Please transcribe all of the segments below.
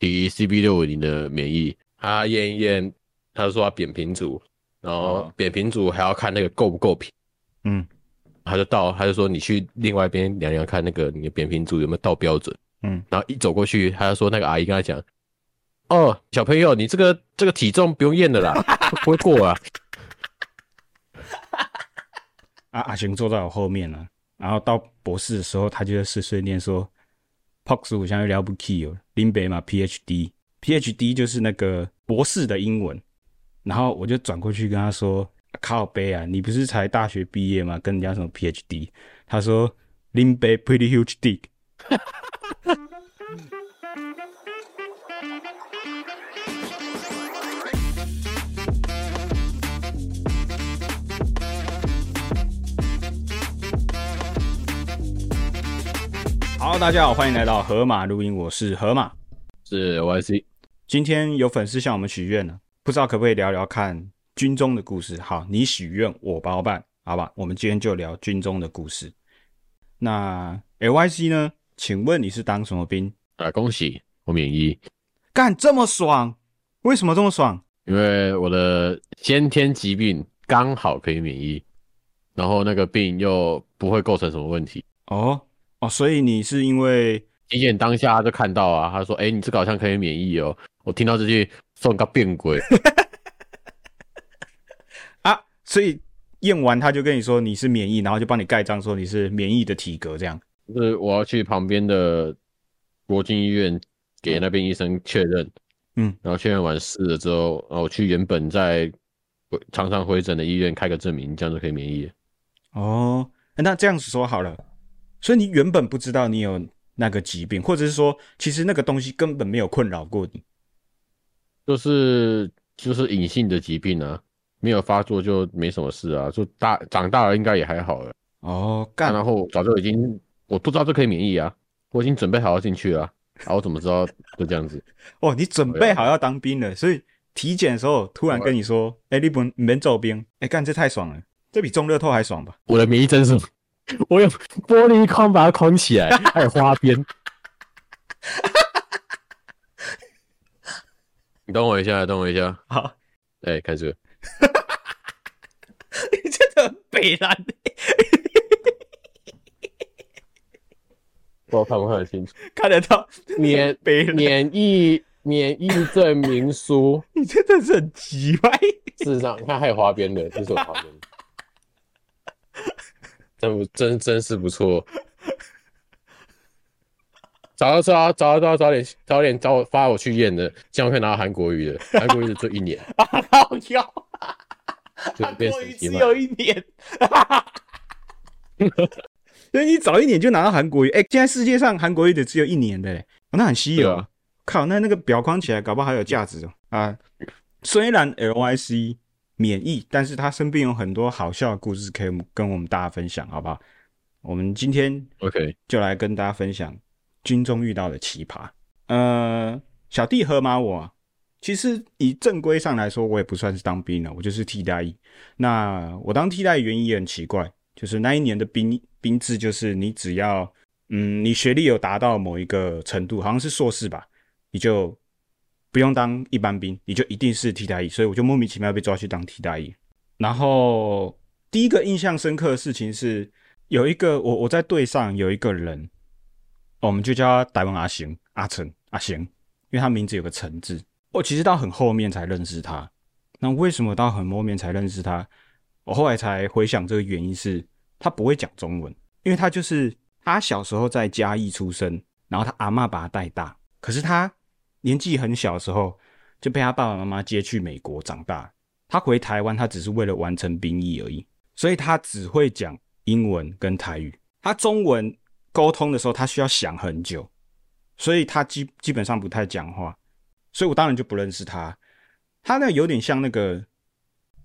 一 CB 六五零的免役，他驗一驗，他就說他扁平足，然後扁平足還要看那個夠不夠平，嗯，他就到，他就說你去另外一邊量量看那個你的扁平足有沒有到標準，嗯，然後一走過去，他就說那個阿姨跟他講，哦，小朋友你這個這個體重不用驗的啦， 不會過啊，啊阿雄坐在我後面了，然後到博士的時候，他就是碎碎念說。Pox，我現在聊不起哦。林北嘛，PhD，PhD PhD 就是那個博士的英文。然後我就轉過去跟他說：“靠北啊，你不是才大學畢業嗎？跟人家什麼 PhD？” 他說：“林北，pretty huge dick。” 好，Hello, 大家好，歡迎來到河馬錄音，我是河馬，是 LYC。今天有粉絲向我們許願了，不知道可不可以聊聊看軍中的故事？好，你許願我包辦，好吧？我們今天就聊軍中的故事。那 LYC 呢？請問你是當什麼兵？啊恭喜，我免役，幹這麼爽？為什麼這麼爽？因為我的先天疾病剛好可以免役，然後那個病又不會構成什麼問題。哦。哦，所以你是因為體檢當下他就看到啊，他說：“哎、欸，你這個好像可以免役哦。”我聽到這句，算個變鬼 啊！所以驗完他就跟你說你是免役，然後就幫你蓋章說你是免役的體格，這樣。就是我要去旁邊的國軍醫院給那邊醫生確認，嗯，然後確認完事了之後，啊，我去原本在常常回診的醫院開個證明，這樣就可以免役。哦，那這樣子說好了。所以你原本不知道你有那個疾病，或者是說，其實那個東西根本沒有困擾過你，就是就是隱性的疾病啊，沒有發作就沒什麼事啊，就大長大了應該也還好了。哦，幹，然後早就已經我不知道這可以免役啊，我已經準備好要進去啊， 然後我怎麼知道就這樣子？哦，你準備好要當兵了，所以體檢的時候突然跟你說，哎、啊欸，你不免做兵，哎、欸、幹，這太爽了，這比中樂透還爽吧？我的免役真是。我用玻璃框把它框起來，還有花邊。 你等我一下，等我一下。好，哎、欸，開始 你真的很北南。不知道看不看得清楚？看得到免免免役免役證明書。 你真的是很奇怪。 事實上，你看還有花邊的，這種花邊。真不真，真是不錯。早早早早早點，早點找我發我去驗的，這樣可以拿到韓國瑜的。韓國瑜只， 只有一年，好笑。韓國瑜只有一年。所以你早一年就拿到韓國瑜，哎、欸，現在世界上韓國瑜的只有一年的、哦，那很稀有。啊、靠，那那個表框起來，搞不好還有價值哦。啊，雖然 Lyc。免役，但是他身邊有很多好笑的故事可以跟我們大家分享，好不好？我們今天 OK 就來跟大家分享軍中遇到的奇葩。呃，小弟河馬我、啊、其實以正規上來說，我也不算是當兵了，我就是替代役。那我當替代原因也很奇怪，就是那一年的兵兵制就是你只要嗯你學歷有達到某一個程度，好像是碩士吧，你就。不用當一般兵，你就一定是替代役。所以我就莫名其妙被抓去當替代役。然後第一個印象深刻的事情是，有一個我我在隊上有一個人，我們就叫他台灣阿行阿成阿行，因為他名字有個成字。我其實到很後面才認識他，那為什麼到很後面才認識他？我後來才回想，這個原因是他不會講中文，因為他就是他小時候在嘉義出生，然後他阿嬤把他帶大，可是他。年紀很小的時候就被他爸爸媽媽接去美國長大。他回台灣，他只是為了完成兵役而已，所以他只會講英文跟台語。他中文溝通的時候，他需要想很久，所以他基基本上不太講話。所以我當然就不認識他。他那有點像那個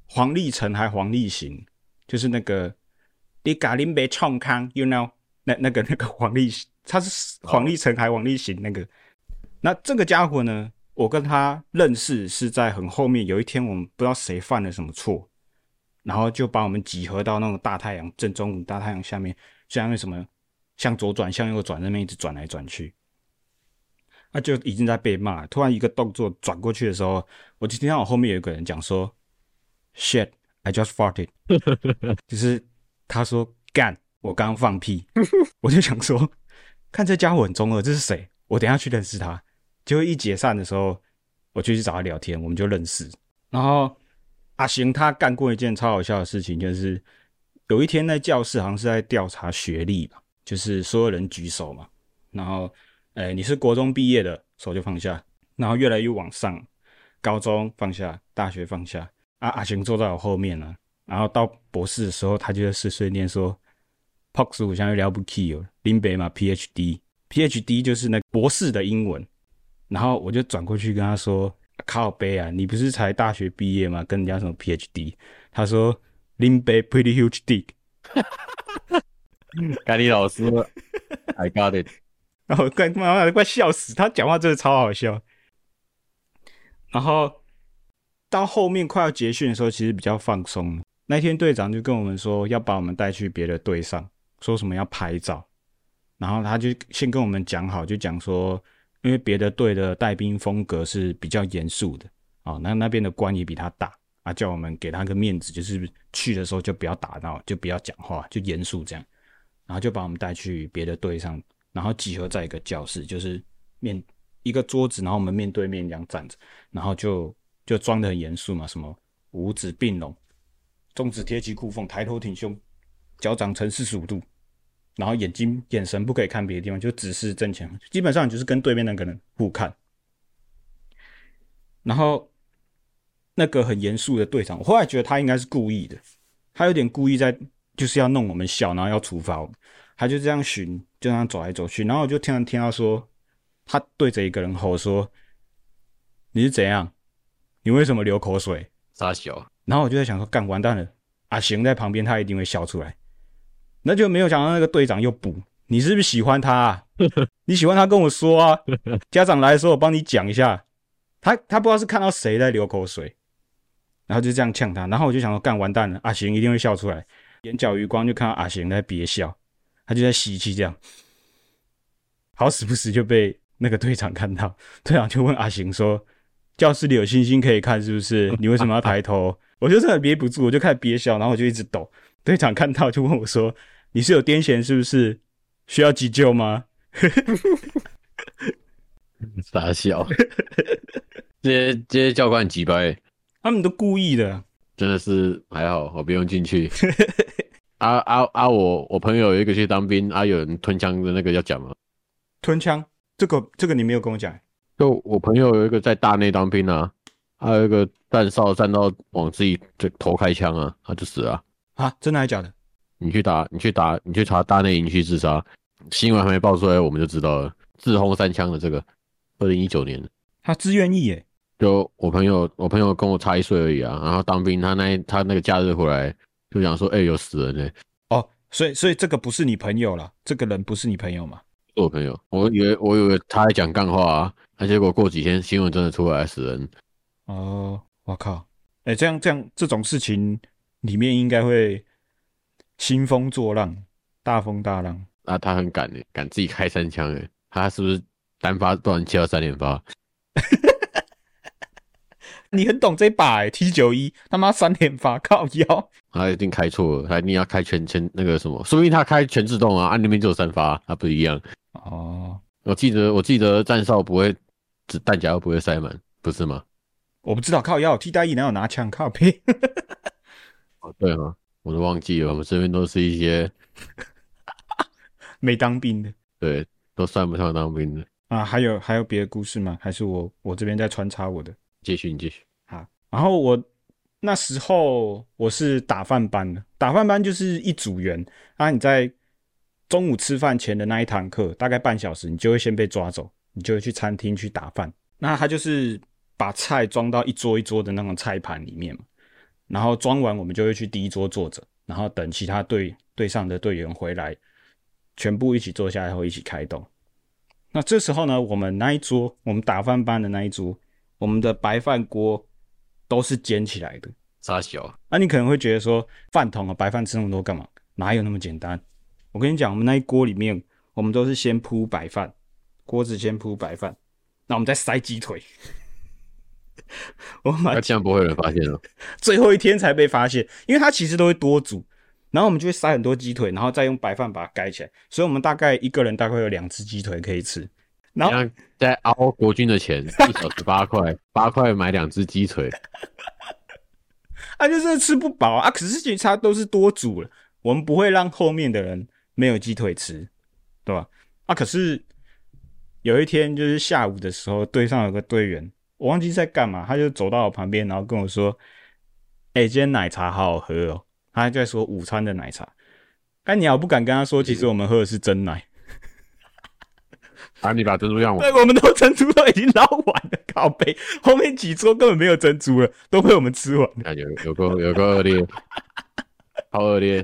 黃立成，還黃立行，就是那個你嘎林北創康，you know，那那個那個黃立行，他是黃立成還黃立行那個。那這個家伙呢？我跟他認識是在很後面。有一天，我們不知道誰犯了什麼錯，然後就把我們集合到那種大太陽正中午大太陽下面，像那什麼，向左轉向右轉，那邊一直轉來轉去。那就已經在被罵。突然一個動作轉過去的時候，我就聽到我後面有一個人講說：“Shit, I just farted。” 就是他說幹，an, 我剛放屁。 我就想說，看這家伙很中二，這是誰？我等下去認識他。結果一解散的時候，我就去找他聊天，我們就認識。然後阿行他幹過一件超好笑的事情，就是有一天在教室，好像是在調查學歷吧，就是所有人舉手嘛。然後，誒、欸、你是國中畢業的，手就放下。然後越來越往上，高中放下，大學放下。啊，阿行坐在我後面了、啊。然後到博士的時候，他就在碎碎念說：“Poxu 想要了不起哦，林北嘛，PhD，PhD PhD 就是那個博士的英文。”然後我就轉過去跟他說：“靠北啊，你不是才大學畢業嗎？跟人家什麼 PhD？” 他說：“林北 Pretty huge dick。”嗯，幹你老師 ，I got it。然後我快，慢的慢快笑死！他講話真的超好笑。然後到後面快要結訓的時候，其實比較放鬆。那天隊長就跟我們說要把我們帶去別的隊上，說什麼要拍照。然後他就先跟我們講好，就講說。因為別的隊的帶兵風格是比較嚴肅的，啊、哦，那那邊的官也比他大啊，叫我們給他個面子，就是去的時候就不要打鬧，就不要講話，就嚴肅這樣，然後就把我們帶去別的隊上，然後集合在一個教室，就是面一個桌子，然後我們面對面這樣站着，然後就就裝得很嚴肅嘛，什麼五指併攏，中指貼起褲縫，抬頭挺胸，腳掌呈四十五度。然後眼睛眼神不可以看別的地方，就只是正前方。基本上就是跟對面那個人互看。然後那個很嚴肅的隊長，我後來覺得他應該是故意的，他有點故意在就是要弄我們笑，然後要處罰我們。他就這樣巡，就這樣走來走去。然後我就突然聽他聽他說，他對着一個人吼說：“你是怎樣？你為什麼流口水、傻笑小？”然後我就在想說：“幹完蛋了阿行！”行在旁邊，他一定會笑出來。那就沒有想到那個隊長又補你是不是喜歡他啊？你喜歡他跟我說啊，家長來的時候我幫你講一下。他他不知道是看到誰在流口水，然後就這樣嗆他。然後我就想說幹完蛋了，阿行一定會笑出來。眼角餘光就看到阿行在憋笑，他就在吸氣這樣，好死不死就被那個隊長看到，隊長就問阿行說：教室裡有星星可以看是不是？你為什麼要抬頭？ 我就真的憋不住，我就開始憋笑，然後我就一直抖。隊長看到就問我說：“你是有癲癇是不是？需要急救嗎？” 傻笑。這些這些教官很幾百，他們都故意的，真的是還好，我不用進去。 啊啊啊，我我朋友有一個去當兵，啊有人吞槍的那個要講嗎？吞槍，這個這個你沒有跟我講。就我朋友有一個在大內當兵啊，他有一個彈哨站到往自己這頭開槍啊，他就死了。啊，真的還是假的？你去打，你去打，你去查大內營區自殺新聞還沒爆出來，我們就知道了。自轟三槍的這個，二零一九年，他自願役耶？就我朋友，我朋友跟我差一歲而已啊。然後當兵，他那一他那個假日回來，就想說，哎、欸，有死人嘞、欸。哦，所以所以這個不是你朋友了，這個人不是你朋友嗎？是我朋友，我以為我以為他在講幹話啊，他結果過幾天新聞真的出來死人。哦，我靠！哎、欸，這樣這樣這種事情。裡面應該會興風作浪，大風大浪啊！他很敢誒，敢自己開三槍誒！他是不是單發，多不然七幺三連發？ 你很懂這把誒，T 九一他媽三連發靠腰他，他一定開錯了。他一定要開全全那個什麼，說不定他開全自動啊，按、啊、那邊就有三發，他不一樣哦我。我記得我記得站哨不會子彈夾又不會塞滿，不是嗎？我不知道靠腰替代役哪有拿槍靠北？ 哦，對啊，我都忘記了。我們身邊都是一些沒當兵的，對，都算不上當兵的啊。還有還有別的故事嗎？還是我我這邊在穿插我的？繼續你繼續。繼續好，然後我那時候我是打飯班的，打飯班就是一組員啊。你在中午吃飯前的那一堂課，大概半小時，你就會先被抓走，你就會去餐廳去打飯。那他就是把菜裝到一桌一桌的那種菜盤裡面嘛。然後裝完，我們就會去第一桌坐着，然後等其他隊隊上的隊員回來，全部一起坐下來後一起開動。那這時候呢，我們那一桌，我們打飯班的那一桌，我們的白飯鍋都是煎起來的，殺小、啊、你可能會覺得說飯桶啊，白飯吃那麼多幹嘛？哪有那麼簡單？我跟你講，我們那一鍋裡面，我們都是先鋪白飯，鍋子先鋪白飯，那我們再塞雞腿。我買這樣不會有人發現哦！最後一天才被發現，因為他其實都會多煮，然後我們就會塞很多雞腿，然後再用白飯把它蓋起來，所以我們大概一個人大概有兩隻雞腿可以吃。然後在凹國軍的錢，一小時八塊，八塊 買兩隻雞腿， 啊，真的啊，就是吃不飽啊！可是其實他都是多煮了，我們不會讓後面的人沒有雞腿吃，對吧？啊，可是有一天就是下午的時候，隊上有個隊員。我忘記在幹嘛，他就走到我旁邊，然後跟我說：“哎、欸，今天奶茶好好喝哦、喔。”他還在說午餐的奶茶。但你還不敢跟他說，其實我們喝的是珍奶、嗯。啊！你把珍珠讓我。對，我們都珍珠都已經撈完了，靠北後面幾桌根本沒有珍珠了，都被我們吃完了。啊、有有個有個惡劣， 好惡劣。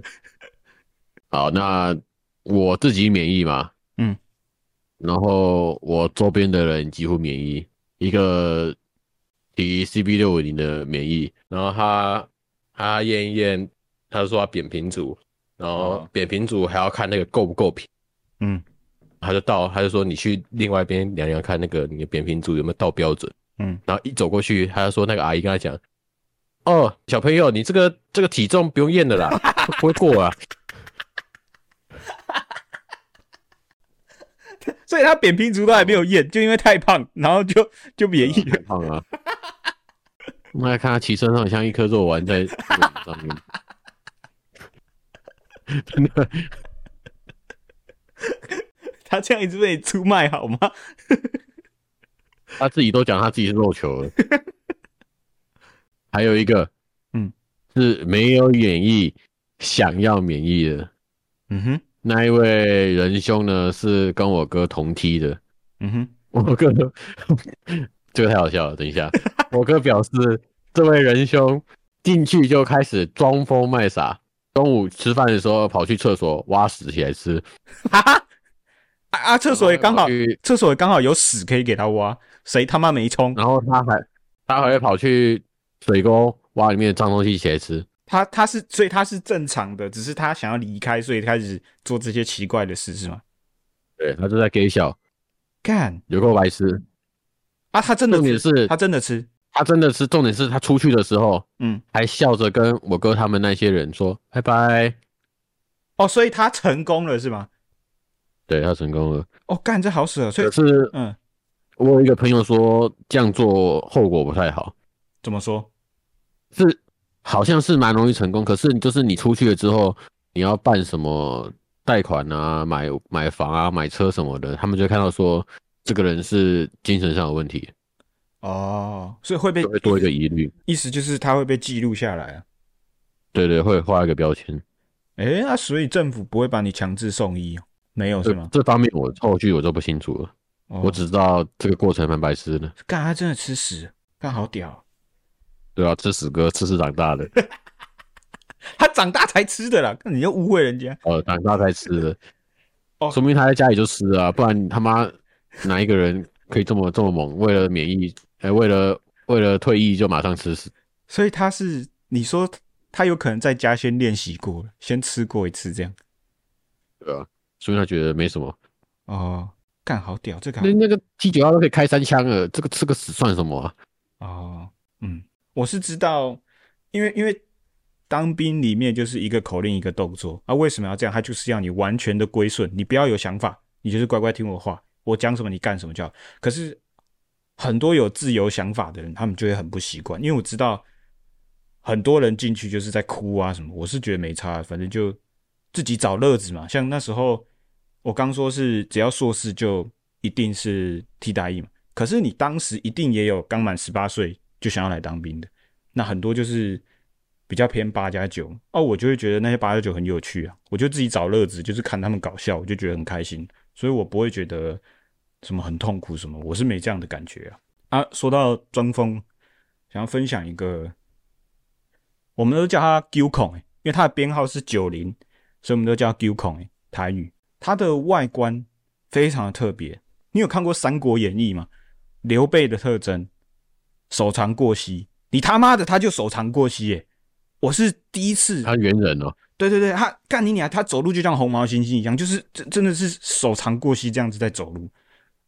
好，那我自己免役嘛，嗯，然後我周邊的人幾乎免役。一個提 CB 六五零的免役，然後他他驗一驗，他，驗驗他就說要扁平足，然後扁平足還要看那個夠不夠平，嗯，他就到，他就說你去另外一邊量量看那個你的扁平足有沒有到標準，嗯，然後一走過去，他就說那個阿姨跟他講，哦，小朋友你這個這個體重不用驗的啦，不會過啊。 所以他扁平足都還沒有驗。哦、就因為太胖，然後就就免役很、啊、胖啊。那看他騎車像一顆肉丸在肉丸上面。 真的，他這樣一直被出賣好嗎？他自己都講他自己是肉球了。 還有一個，嗯，是沒有免役想要免役的，嗯哼。那一位仁兄呢？是跟我哥同梯的。嗯哼，我哥， 這個太好笑了。等一下， 我哥表示，這位仁兄進去就開始裝瘋賣傻。中午吃飯的時候，跑去廁所挖屎起來吃。哈、啊，啊！廁所也剛好，廁所也剛好有屎可以給他挖。誰他媽沒衝？然後他還，他還會跑去水溝挖裡面的髒東西起來吃。他他是，所以他是正常的，只是他想要離開，所以開始做這些奇怪的事，是嗎？對，他就在搞笑。幹，有夠白癡啊！他真的，重點是他真的吃，他真的吃。重點是他出去的時候，嗯，還笑着跟我哥他們那些人說拜拜。哦，所以他成功了，是嗎？對，他成功了。哦，幹，這好啊，可是，嗯，我有一個朋友說這樣做後果不太好。怎麼說？是。好像是蠻容易成功，可是就是你出去了之後，你要辦什麼貸款啊、買買房啊、買車什麼的，他們就會看到說這個人是精神上有問題。哦，所以會被會多一個疑慮，意思就是他會被記錄下來啊？對，對對，會畫一個標籤。誒那、欸啊、所以政府不會把你強制送醫？沒有對是嗎？這方面我後續我就不清楚了，哦、我只知道這個過程蠻白痴的。幹他真的吃屎，幹好屌。對啊，吃屎哥吃屎長大的。 他長大才吃的啦，你又誤會人家。哦，長大才吃的，哦，oh. 說明他在家裡就吃啊，不然他媽哪一個人可以這麼這麼猛？為了免疫，哎、欸，為了為了退役就馬上吃屎。所以他是你說他有可能在家先練習過先吃過一次這樣。對啊，所以他覺得沒什麼。哦，幹好屌，這個那那個 T 九幺都可以開三槍了，這個吃個屎算什麼啊？哦。Oh. 我是知道，因為因為當兵裡面就是一個口令一個動作啊，為什麼要這樣？他就是要你完全的歸順，你不要有想法，你就是乖乖聽我話，我講什麼你幹什麼就好。可是很多有自由想法的人，他們就會很不習慣，因為我知道很多人進去就是在哭啊什麼。我是覺得沒差，反正就自己找樂子嘛。像那時候我剛說，是只要碩士就一定是替代役嘛。可是你當時一定也有剛滿十八歲。就想要來當兵的，那很多就是比較偏八加九哦，我就會覺得那些八加九很有趣啊，我就自己找樂子，就是看他們搞笑，我就覺得很開心，所以我不會覺得什麼很痛苦什麼，我是沒這樣的感覺啊。啊，說到裝瘋，想要分享一個，我們都叫他 Q 孔哎、欸，因為他的編號是九零，所以我們都叫他 Q 孔哎、欸，台語，他的外觀非常的特別，你有看過《三國演義》嗎？劉備的特徵。手長過膝，你他媽的，他就手長過膝耶！我是第一次，他猿人哦，對對對，他幹你娘、啊！他走路就像紅毛猩猩一樣，就是真真的是手長過膝這樣子在走路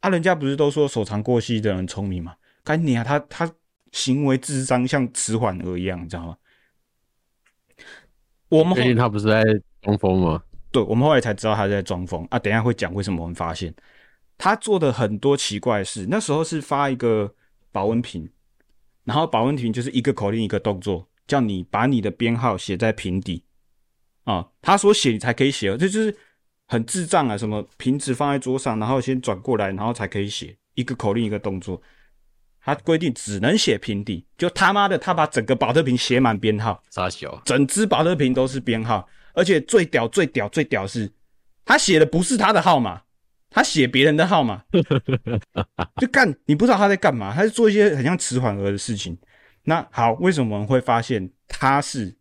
啊！人家不是都說手長過膝的人聰明嗎？幹你娘、啊！他他行為智商像遲緩兒一樣，你知道嗎？我們他不是在裝瘋嗎？對，我們後來才知道他在裝瘋啊！等一下會講為什麼我們發現他做的很多奇怪的事。那時候是發一個保溫瓶。然後保溫瓶就是一個口令一個動作，叫你把你的編號寫在瓶底啊、哦，他說寫你才可以寫，這就是很智障啊！什麼瓶子放在桌上，然後先轉過來，然後才可以寫一個口令一個動作。他規定只能寫瓶底，就他媽的他把整個保特瓶寫滿編號，啥小，整隻保特瓶都是編號，而且最屌，最屌、最屌、最屌是，他寫的不是他的號碼。他寫別人的號碼，就幹，你不知道他在幹嘛，他是做一些很像遲緩兒的事情。那好，為什麼我們會發現他是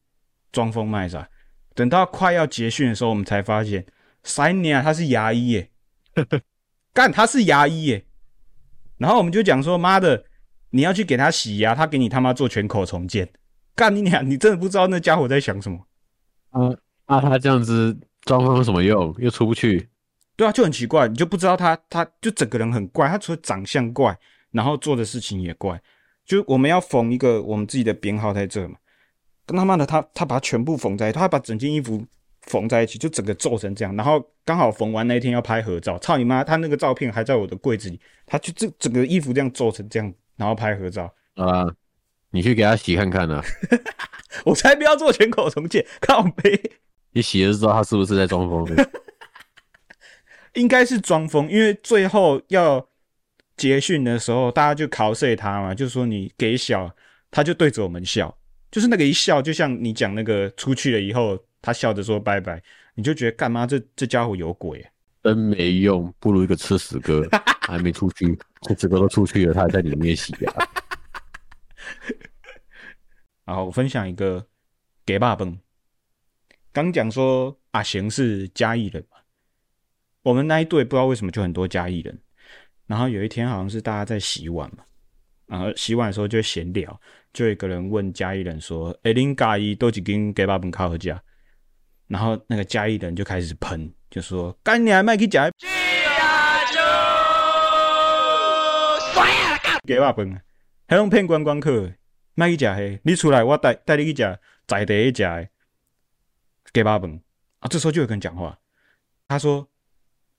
裝瘋賣傻？等到快要結訓的時候，我們才發現三年他是牙醫耶，呵呵，幹他是牙醫耶。然後我們就講說，媽的，你要去給他洗牙，他給你他媽做全口重建，幹你娘，你真的不知道那家伙在想什麼。啊，啊，他這樣子裝瘋有什麼用？又出不去。對啊，就很奇怪，你就不知道他，他就整個人很怪，他除了長相怪，然後做的事情也怪。就我們要縫一個我們自己的編號在這嘛，跟他媽的他，他把他全部縫在，他把整件衣服縫在一起，就整個皺成這樣。然後剛好縫完那天要拍合照，操你媽！他那個照片還在我的櫃子裡，他就這整個衣服這樣皺成這樣，然後拍合照啊、嗯！你去給他洗看看呢、啊？ 我才不要做全口重建，靠北。你洗就知道，他是不是在裝瘋。 應該是裝瘋，因為最後要結訓的時候，大家就拷睡他嘛，就說你給小，他就對着我們笑，就是那個一笑，就像你講那個出去了以後，他笑着說拜拜，你就覺得幹嘛？這這家伙有鬼啊，真沒用，不如一個吃屎哥，還沒出去，吃屎哥都出去了，他還在裡面洗啊。然後 我分享一個給爸崩，剛講說阿賢是嘉義人。我們那一隊不知道為什麼就很多嘉義人，然後有一天好像是大家在洗碗嘛，然後洗碗的時候就閒聊，就有一個人問嘉義人說：“哎、欸，恁嘉義，哪一間雞肉飯較好食？”然後那個嘉義人就開始噴，就說：“幹恁娘莫去食？”雞肉飯還用騙觀光客？莫去食嘿？你出來我，我帶帶你去食，在地食的雞肉飯啊！這時候就有個人講話，他說。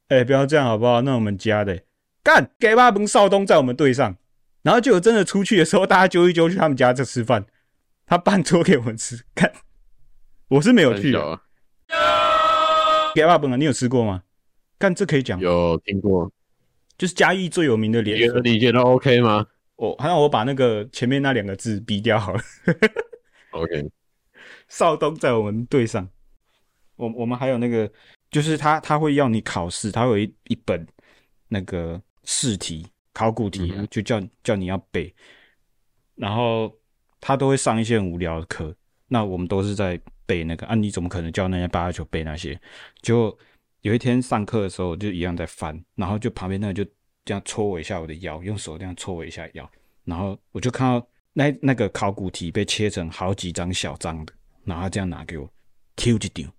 哎、欸，不要這樣好不好？那我們家的乾雞肉，飯少東在我們隊上，然後就有真的出去的時候，大家揪一揪去他們家這吃飯，他辦桌給我們吃。幹，我是沒有去的。雞肉、啊，飯啊，你有吃過嗎？幹這可以講有聽過，就是嘉義最有名的連鎖，你覺，得你覺得 OK 嗎？我、哦，好，像我把那個前面那兩個字嗶掉好了 okay。OK，少東在我們隊上，我我們還有那個。就是他，他會要你考試，他有一一本那個試題考古題、啊，嗯哼就叫叫你要背。然後他都會上一些很無聊的課，那我們都是在背那個。啊，你怎麼可能叫那些八九背那些？就有一天上課的時候，就一樣在翻，然後就旁邊那個就這樣戳我一下我的腰，用手這樣戳我一下腰，然後我就看到那那個考古題被切成好幾張小張的，然後他這樣拿給我抽一張，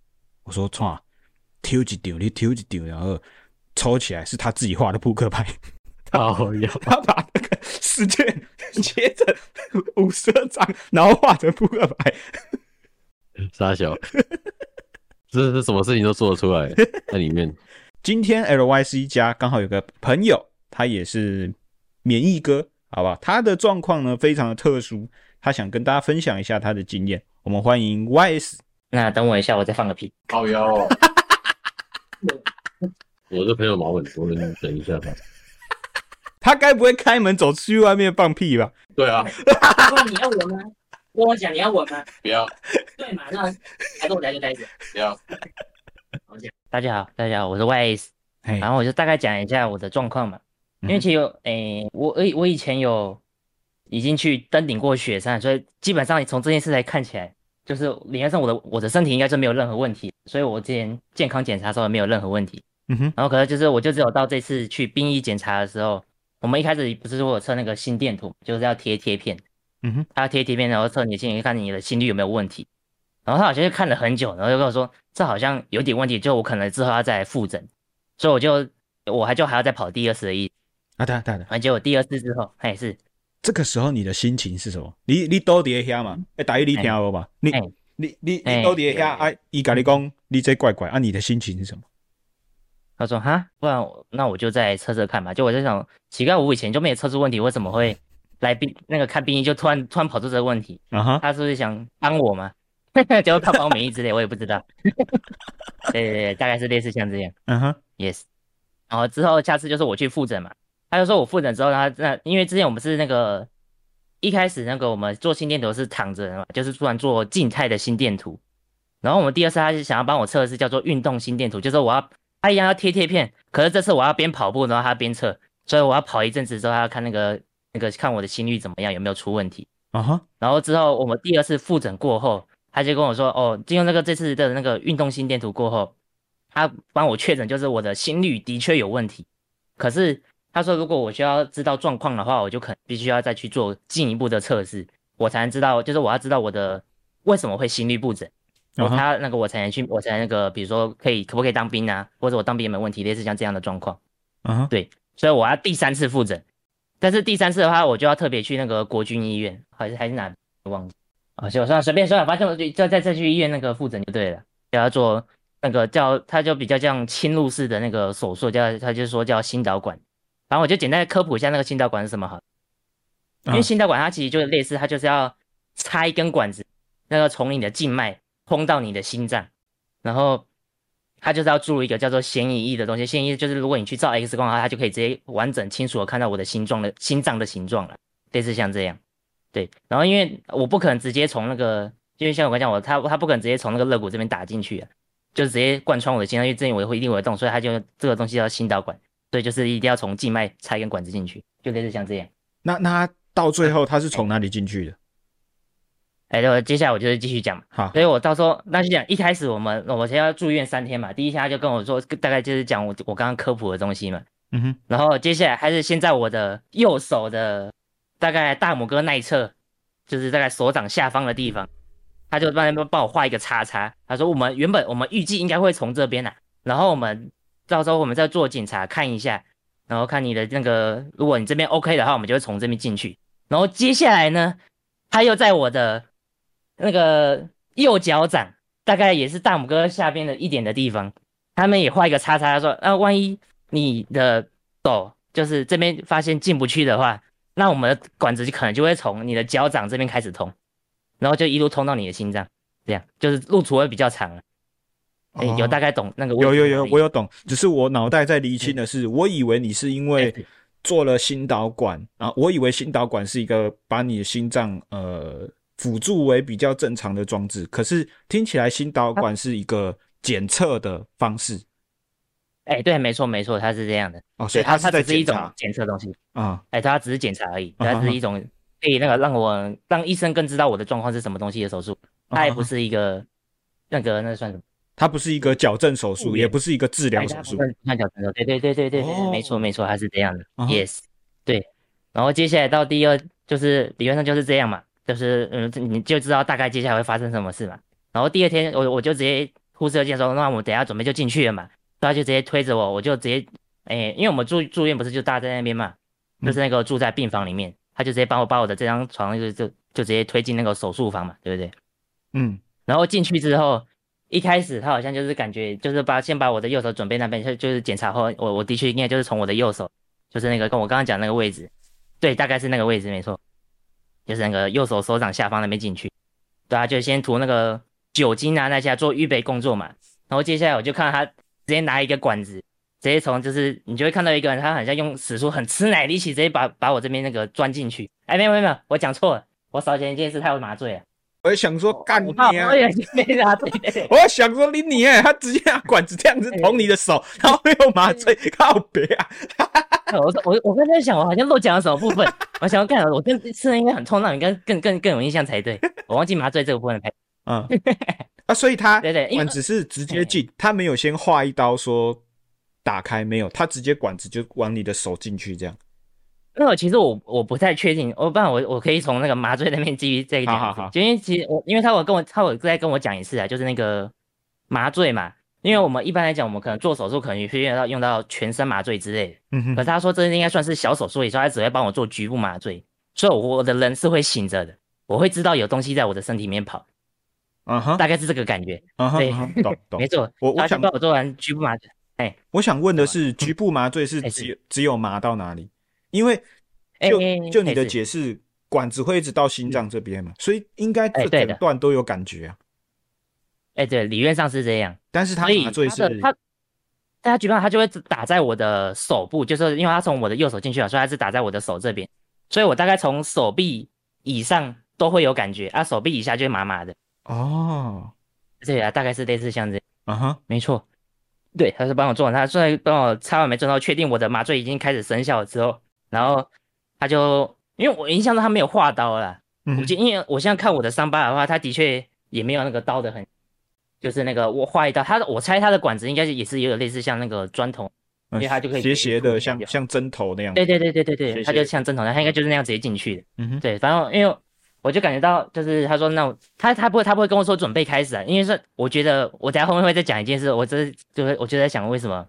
我說：，創。丟一丟，你丟一丟，然後抽起來是他自己畫的撲克牌。好 呀他，oh, yo. 他把那個試卷切成五十二張，然後畫成撲克牌。傻 小 這是什麼事情都做得出來。在裡面， 今天 LYC 一家剛好有個朋友，他也是免役哥，好不好？他的狀況呢非常的特殊，他想跟大家分享一下他的經驗。我們歡迎 YS。那等我一下，我再放個屁。好喲。我的朋友老很多了，你等一下吧。他該不會開門走去外面放屁吧？對啊， 你要我嗎？跟我講你要我嗎？不要，對嘛？那還是我來就來了。不要，Okay. 大家好，大家好，我是 YS，Hey. 然後我就大概講一下我的狀況嘛，嗯、因為其實有誒、欸，我我我以前有已經去登頂過雪山，所以基本上你從這件事來看起來。就是理論上我的我的身體應該就沒有任何問題，所以我之前健康檢查的時候也沒有任何問題。嗯哼，然後可能就是我就只有到這次去兵役檢查的時候，我們一開始不是說有測那個心電圖，就是要貼貼片。嗯哼，他要貼貼片，然後測你心，看你的心率有沒有問題。然後他好像就看了很久，然後就跟我說，這好像有點問題，就我可能之後要再複診，所以我就我還就還要再跑第二次而已啊，對啊對啊，反正我第二次之後他也是。這個時候你的心情是什麼？你你到底點下嘛，哎，大一，你，嗎、欸、你聽我吧，你你你你到底點下，哎，伊甲你講，你、欸啊、你，你這怪怪，嗯、啊，你的心情是什麼？他說哈，不然我那我就再測測看嘛，就我在想，奇怪，我以前就沒有測出問題，為什麼會來病那個看病醫就突然突然跑出這個問題？啊哈、嗯哼，他是不是想幫我嘛？就是看幫我免役之類，我也不知道。 對對對，大概是類似像這樣。嗯哼，e s、yes. 然後之後下次就是我去複診嘛。他就說，我復診之後，那他那因為之前我們是那個一開始那個我們做心電圖是躺着的嘛，就是突然做靜態的心電圖。然後我們第二次，他是想要幫我測的是叫做運動心電圖，就是、說我要他一樣要貼貼片，可是這次我要邊跑步，然後他邊測，所以我要跑一陣子之後，他要看那個那個看我的心率怎麼樣，有沒有出問題啊？Uh huh. 然後之後我們第二次復診過後，他就跟我說，哦，經過那個這次的那個運動心電圖過後，他幫我確診就是我的心率的確有問題，可是。他說：“如果我需要知道狀況的話，我就可能必須要再去做進一步的測試，我才能知道，就是我要知道我的為什麼會心律不整，然後他那個我才能去，我才能那個比如說可以可不可以當兵啊，或者我當兵有沒有問題？類似像這樣的狀況，uh，嗯、huh，對，所以我要第三次復診，但是第三次的話，我就要特別去那個國軍醫院，還是還是哪？忘記啊，就說隨便說，反正我就就再再去醫院那個復診就對了，就要做那個叫他就比較像侵入式的那個手術，叫他就是說叫心導管。”反正我就簡單科普一下那個心導管是什麼哈，因為心導管它其實就類似，它就是要插一根管子，那個從你的靜脈通到你的心臟，然後它就是要注入一個叫做顯影液的東西。顯影液就是如果你去照 X 光的話，它就可以直接完整清楚的看到我的心臟的心臟的形狀了，類似像這樣。對，然後因為我不可能直接從那個，因為像我剛講我他他不可能直接從那個肋骨這邊打進去啊，就是直接貫穿我的心臟，因為這邊我會一定會動，所以它就這個東西叫心導管。對，所以就是一定要從靜脈插一根管子進去，就類似像這樣。那那他到最後他是從哪裡進去的？哎、啊，我、欸、接下來我就是繼續講嘛。好、啊，所以我到時候那就講一開始我們我先要住院三天嘛。第一天他就跟我說，大概就是講我我剛剛科普的東西嘛。嗯哼。然後接下來還是先在我的右手的大概大拇哥那一側，就是大概手掌下方的地方，嗯、他就在幫我畫一個叉叉。他說我們原本我們預計應該會從這邊來、啊，然後我們。到時候我們再做檢查看一下，然後看你的那個，如果你這邊 OK 的話，我們就會從這邊進去。然後接下來呢，他又在我的那個右腳掌，大概也是大拇哥下邊的一點的地方，他們也畫一個叉叉說，說啊，萬一你的手，就是這邊發現進不去的話，那我們的管子就可能就會從你的腳掌這邊開始通，然後就一路通到你的心臟，這樣就是路途會比較長。哎、欸，有大概懂、哦、那個我有，有有有，我有懂，只是我腦袋在釐清的是，嗯、我以為你是因為做了心導管，然後、嗯啊、我以為心導管是一個把你的心臟呃輔助為比較正常的裝置，可是聽起來心導管是一個檢測的方式。哎、欸，對，沒錯沒錯，它是這樣的哦，所以它它只是一種檢測東西啊，哎、嗯欸，它只是檢查而已，它只是一種可以、嗯欸、那個讓我讓醫生更知道我的狀況是什麼東西的手術，它也不是一個、嗯、哼哼那個那算什麼。它不是一個矯正手術，也不是一個治療手術，看矯正手術，對對對對對、哦、沒錯沒錯，它是這樣的。哦、yes，對。然後接下來到第二，就是理論上就是這樣嘛，就是嗯，你就知道大概接下來會發生什麼事嘛。然後第二天，我我就直接護士就講說，那我們等下準備就進去了嘛，他就直接推着我，我就直接哎，因為我們住住院不是就搭在那邊嘛，就是那個住在病房裡面，嗯、他就直接幫我把我的這張床就就就直接推進那個手術房嘛，對不對？嗯，然後進去之後。一開始他好像就是感覺，就是把先把我的右手準備那邊，就是檢查後，我我的確應該就是從我的右手，就是那個跟我剛剛講那個位置，對，大概是那個位置沒錯，就是那個右手手掌下方那邊進去。對啊，就先塗那個酒精啊那些做預備工作嘛。然後接下來我就看到他直接拿一個管子，直接從就是你就會看到一個人，他好像用使出很吃奶力氣，直接把把我這邊那個鑽進去。哎，沒有沒有沒有，我講錯了，我少講一件事，他有麻醉啊。我也想說幹、哦、你啊！ 我要想說拎你哎、啊，他直接拿管子這樣子捅你的手，然後沒有麻醉， 靠別別啊！ 我說我我剛才在想，我好像漏講了什麼部分。 我想要幹什麼，我跟吃人應該很痛，那你更更更更有印象才對。我忘記麻醉這個部分的拍、嗯。 啊，所以他對對，管子是直接進，他沒有先劃一刀說打開，沒有，他直接管子就往你的手進去這樣。那個其實我我不太確定，我不然我我可以從那個麻醉那邊基於這一點，好好好，因為其實我因為他有跟我他有在跟我講一次啊，就是那個麻醉嘛，因為我們一般來講，我們可能做手術可能需要用到用到全身麻醉之類的，嗯哼，可是他說這應該算是小手術，也說他只會幫我做局部麻醉，所以我的人是會醒着的，我會知道有東西在我的身體裡面跑，嗯哼、uh，huh, 大概是這個感覺，嗯哼，懂懂，沒錯錯，我想幫我做完局部麻醉，哎，我想問的是 局部麻醉是只有是只有麻到哪裡？因為就就你的解釋，欸欸、管子會一直到心臟這邊嘛，所以應該這整段都有感覺啊。哎、欸欸，對，理論上是這樣，但是他麻醉是他，的里他，大家舉辦他就會打在我的手部，就是因為他從我的右手進去嘛，所以他是打在我的手這邊，所以我大概從手臂以上都會有感覺啊，手臂以下就麻麻的哦。對啊，大概是類似像這樣。啊哈，沒錯，對，他是幫我做完，他現在幫我插完沒做到，確定我的麻醉已經開始生效了之後。然後他就，因為我印象中他沒有劃刀了啦，嗯哼，就因為我現在看我的傷疤的話，他的確也沒有那個刀的痕，就是那個我劃一刀，他我猜他的管子應該也是有有類似像那個磚頭，嗯、斜斜因為它就可以斜斜的像像針頭那樣，對對對對對對，它就像針頭，它應該就是那樣直接進去的，嗯哼，對，反正因為我就感覺到就是他說那他他不會他不會跟我說準備開始啊，因為是我覺得我在後面會再講一件事，我這是就是我就在想為什麼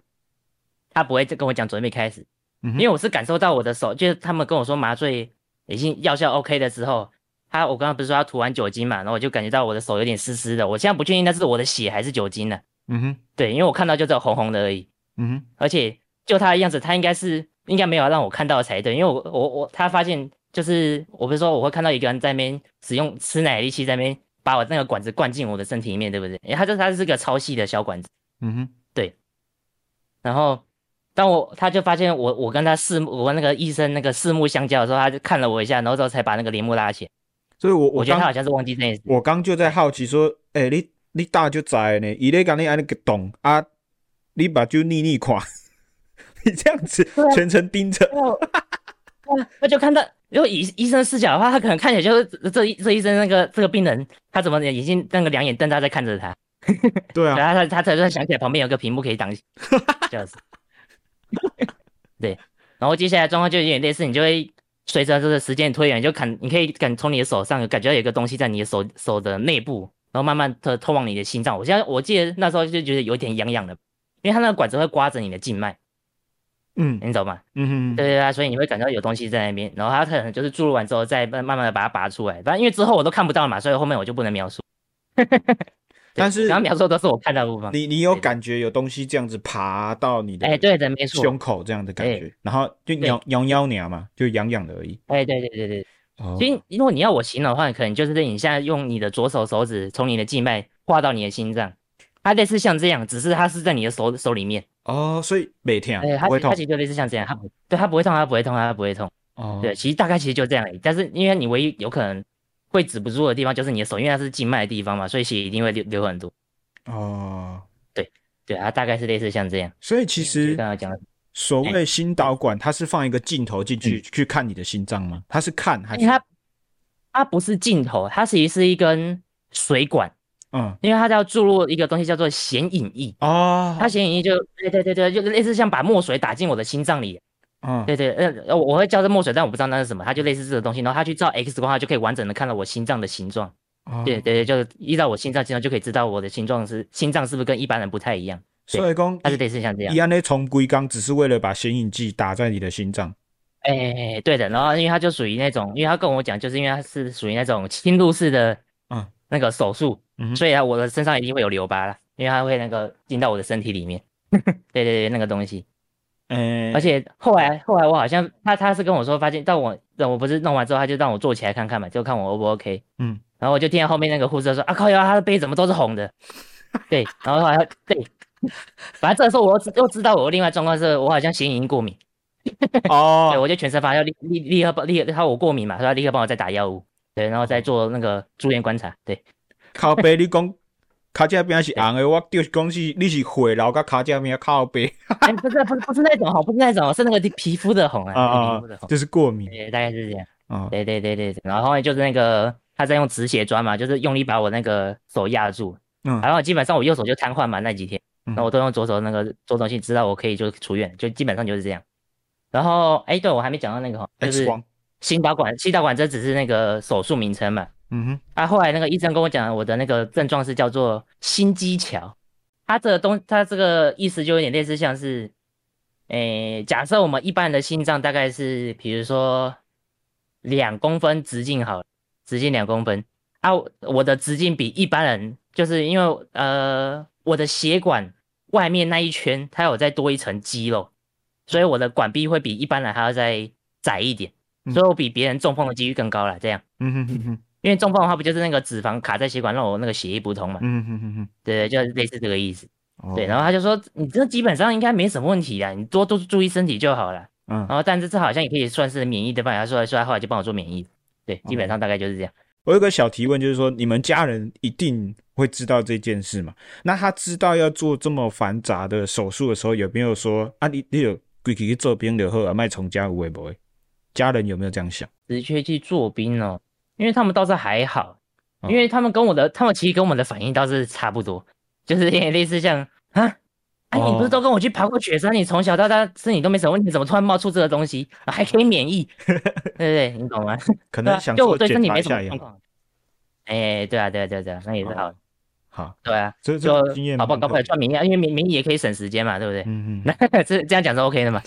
他不會再跟我講準備開始。因為我是感受到我的手，就是他們跟我說麻醉已經藥效 OK 的時候，他我剛剛不是說他塗完酒精嘛，然後我就感覺到我的手有點濕濕的，我現在不確定那是我的血還是酒精呢、啊。嗯哼，對，因為我看到就只有紅紅的而已。嗯哼，而且就他的樣子，他應該是應該沒有讓我看到才對，因為我我我他發現就是我不是說我會看到一個人在那邊使用吃奶，奶力氣在那邊把我那個管子灌進我的身體裡面，對不對？他就是、他是個超細的小管子。嗯哼，對，然後。但我他就發現我我跟他四我跟那個醫生那個四目相交的時候，他就看了我一下，然後之後才把那個簾幕拉起來。所以我我，我覺得他好像是忘記那。我剛就在好奇說，哎、欸，你你大就知呢，你咧講你按那個懂啊？你把就膩膩垮。你 這樣子全程盯着，那就看到，如果醫醫生視角的話，他可能看起來就是這這醫生那個這個病人，他怎麼已經那個兩眼瞪大在看着他。對啊， 然後他他他才算想起來旁邊有個屏幕可以擋，就是。 對，然後接下來狀況就有點類似，你就會隨着這個時間推移，你就看你可以感從你的手上感覺到有一個東西在你的手手的內部，然後慢慢的通往你的心臟。我現在我記得那時候就覺得有點癢癢的，因為它那個管子會刮着你的靜脈，嗯，你知道嗎？嗯哼，對對、啊、對，所以你會感覺到有東西在那邊，然後它可能就是注入完之後再慢慢的把它拔出來，反正因為之後我都看不到嘛，所以後面我就不能描述。 對但是，然後描述都是我看到的部分。你你有感覺有東西這樣子爬到你的哎，對的，沒錯，胸口這樣的感覺。然後就癢癢癢癢嘛，就癢癢的而已。哎、欸，對對對對、對、哦、所以，如果你要我形容的話，可能就是你現在用你的左手手指從你的靜脈劃到你的心臟，它類似像這樣，只是它是在你的手手裡面。哦，所以不痛，欸、它不會痛。它其實就類似像這樣，它對它不會痛，它不會痛，它不會痛。哦，對，其實大概其實就這樣而已。但是因為你唯一有可能。會止不住的地方就是你的手，因為它是靜脈的地方嘛，所以血一定會流流很多。哦、oh.，對對啊，大概是類似像這樣。所以其實剛才講，所謂心導管，它是放一個鏡頭進去、欸、去，去看你的心臟嗎？它是看還是，它它不是鏡頭，它其實是一根水管。嗯，因為它要注入一個東西叫做顯影液。哦，oh. 它顯影液就，對對對對，就類似像把墨水打進我的心臟裡。嗯，對對，呃，我會叫這墨水，但我不知道那是什麼，它就類似這個東西。然後他去照 X 光，他就可以完整的看到我心臟的形狀。哦，對對對，就是依照我心臟的形狀，就可以知道我的形狀是心臟是不是跟一般人不太一樣。所以講他是類似像這樣。伊安那從硅鋼只是為了把顯影劑打在你的心臟。哎，對的。然後因為他就屬於那種，因為他跟我講，就是因為他是屬於那種侵入式的，嗯，那個手術，嗯嗯，所以啊，我的身上一定會有留疤啦，因為他會那個進到我的身體裡面。 對對對，那個東西。哎，而且後來後來我好像他他是跟我說，發現到我等我不是弄完之後，他就讓我坐起來看看嘛，就看我 O 不 OK。嗯，然後我就聽到後面那個護士說：“啊靠腰，他的背怎麼都是紅的？” 對，然後好像對，反正這個時候我又知又知道我另外狀況是，我好像血影過敏。哦， 對，我就全身發癢，立立立刻立刻他我過敏嘛，所以他立刻幫我再打藥物，對，然後再做那個住院觀察。對，靠背你講。 卡架邊是紅的，對我就是講是你是血，然後卡架邊靠背。不是、啊、不是不是那種紅，不是那種，是那種，是那個皮膚的紅哎。啊，就是過敏。對，大概是這樣。啊、對對對對。然後呢，就是那個他在用止血磚嘛，就是用力把我那個手壓住。嗯。然後基本上我右手就癱瘓嘛，那幾天，然後我都用左手那個做東西，知道我可以就出院，就基本上就是這樣。然後哎、欸，對我還沒講到那個哈，就是。心導管，心導管這只是那個手術名稱嘛？嗯哼。啊，後來那個醫生跟我講，我的那個症狀是叫做心肌橋。他這個東，他這個意思就有點類似，像是，誒、欸，假設我們一般人的心臟大概是，比如說兩公分直徑好，直徑兩公分。啊，我的直徑比一般人，就是因為呃，我的血管外面那一圈，它有再多一層肌肉，所以我的管壁會比一般人還要再窄一點。所以我比別人中風的幾率更高了，這樣。嗯哼哼哼。因為中風的話，不就是那個脂肪卡在血管，讓我那個血液不通嘛？嗯哼哼哼。對，就類似這個意思。Okay. 對，然後他就說：“你這基本上應該沒什麼問題啊，你多多注意身體就好了。”嗯。然後，但是這好像也可以算是免役的辦法。他說：“說他後來就幫我做免役。”對，基本上大概就是這樣。Okay. 我有個小提問，就是說，你們家人一定會知道這件事嘛？那他知道要做這麼繁雜的手術的時候，有沒有說：“啊，你你有回去去做引流後，啊，賣從加有會不會？”家人有沒有這樣想？直接去做兵哦，因為他們倒是還好，因為他們跟我的，他們其實跟我們的反應倒是差不多，就是類似像。啊。哎，你不是都跟我去爬過雪山？你從小到大身體都沒什麼問題，怎麼突然冒出這個東西，還可以免役，對不對？你懂嗎？可能就我對身體沒什麼狀況。哎，對啊，對啊，對啊，那也是好。好。對啊，所以就好不好搞一塊穿免役，因為免役也可以省時間嘛，對不對？嗯嗯。這這樣講是 OK 的嘛？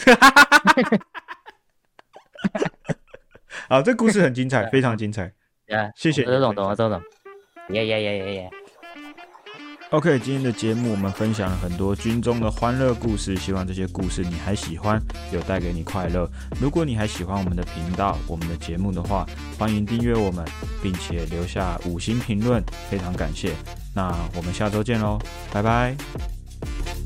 好，這個故事很精彩， 非常精彩。精彩啊，謝謝。懂懂懂懂懂。耶耶耶耶耶。Yeah, yeah, yeah, yeah. OK，今天的節目我們分享了很多軍中的歡樂故事，希望這些故事你還喜歡，有帶給你快樂。如果你還喜歡我們的頻道、我們的節目的話，歡迎訂閱我們，並且留下五星評論，非常感謝。那我們下周見嘍，拜拜。